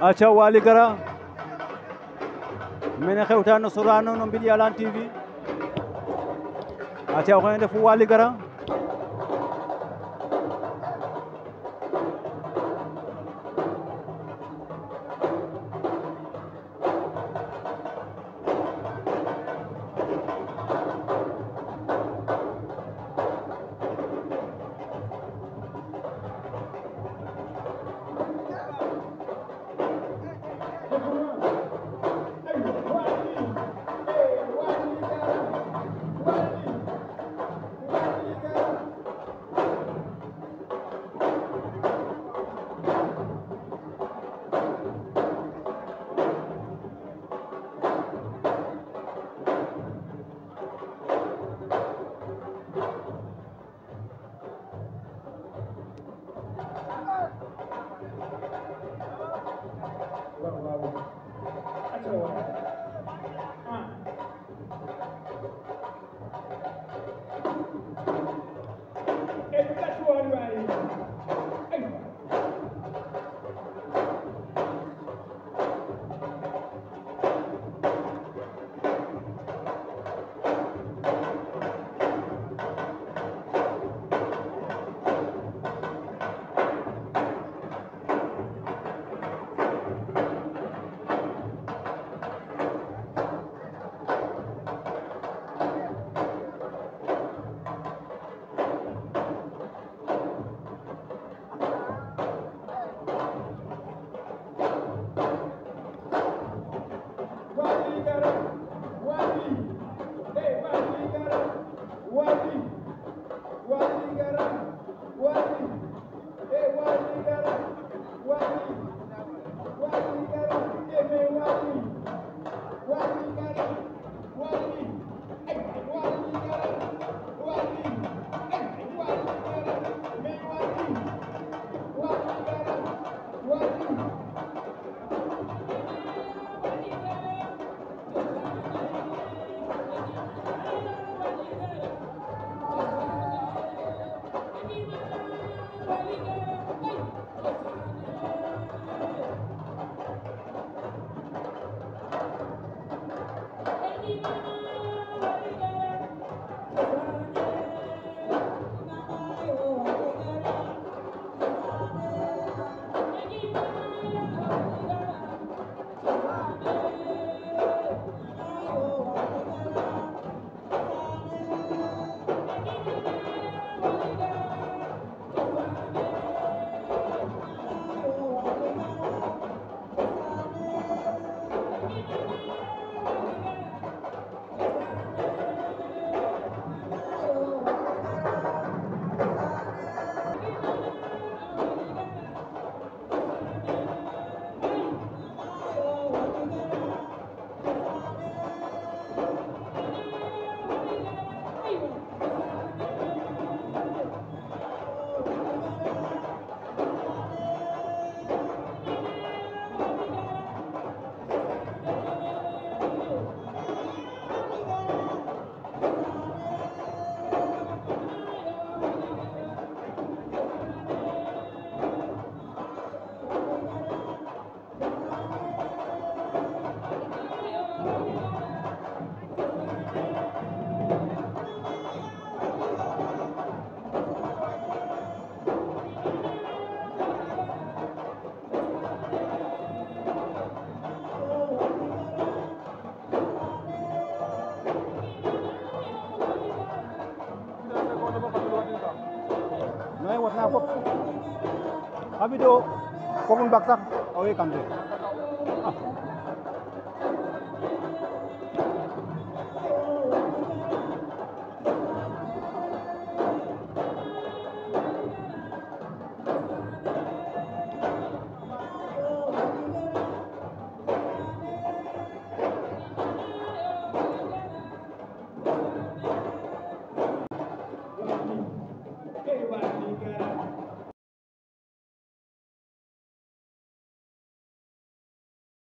aca Waly Gara mene xewta no Sorano no mbiɗi Yalane TV aca o xene refu Waly Gara Wali, Wali, hey, Wali, Wali, Wali. Thank you. nay wat naa ko xabido ko bun baktak awe kam de